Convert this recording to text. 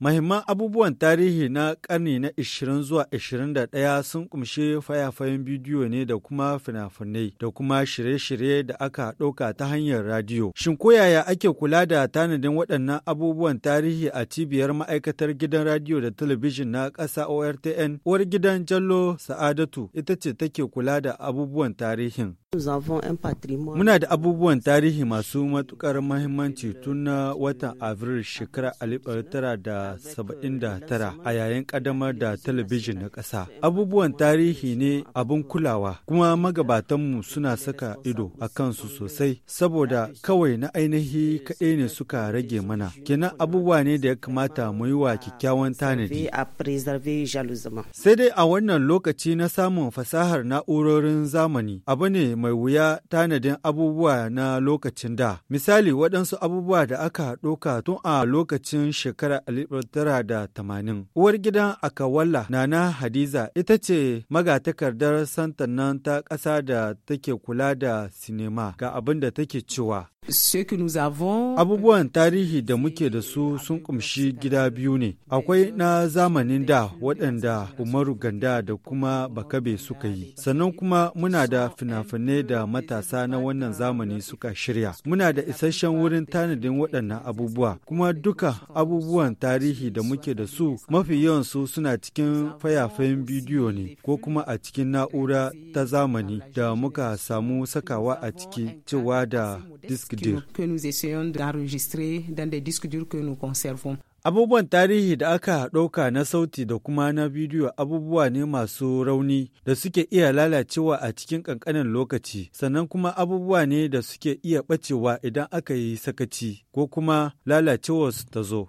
Mahimman abubuwan tarihi na ƙarni na 20 zuwa 21 sun kumshe fayafayen bidiyo ne da kuma fina-finai da kuma shirye-shirye da aka ɗauka ta hanyar radiyo. Shin ko yaya ake kula da tanadin waɗannan abubuwan tarihi a cibiyar ma'aikatar gidan radiyo da talabijin na ƙasa ORTN? Uwar gidan Jallo Sa'adatu ita ce take kula da abubuwan tarihin. Muna da abubuwan tarihi masu matukar mahimmanci tun na watan Avril shekarar 1979 a yayin kadamar da talabijin na ƙasa. Abubuwan tarihi ne abin kulawa kuma magabatanmu suna saka ido a kansu sosai saboda kawai na ainihi kaɗai ne suka rage mana. Kenan abubuwa ne da ya kamata mu yi wa kyakkyawan tanadi. Sai dai a wannan lokaci na samun fasahar na'urorin zamani abu ne mai wuya tanadin abubuwa na lokacin da. Misali waɗansu abubuwa da aka ɗauka tun a lokacin shekarar tara da tamanin. Uwar gidan Akawalla Nana Hadiza ita ce magatakardar santan nan ta ƙasa da take kula da sinima ga abin da take cewa. Abubuwan tarihi da muke da su sun kumshi gida biyu ne, akwai na zamanin da waɗanda Umaru Ganda da kuma Bakabe suka yi, sannan kuma muna da fina-finai ne da matasa na wannan zamani suka shirya. Muna da isasshen wurin tanadin waɗannan abubuwa, kuma duka abubuwan tarihi da muke da su mafi yawansu suna cikin fayafayen bidiyo ne ko kuma a cikin na'ura ta zamani da muka samu sakawa a ciki cewa da disk dir. Abubuwan tarihi da aka ɗauka na sauti da kuma na bidiyo abubuwa ne masu rauni da suke iya lalacewa a cikin ƙanƙanin lokaci, sannan kuma abubuwa ne da suke iya ɓacewa idan aka yi sakaci ko kuma lalacewarsu ta zo.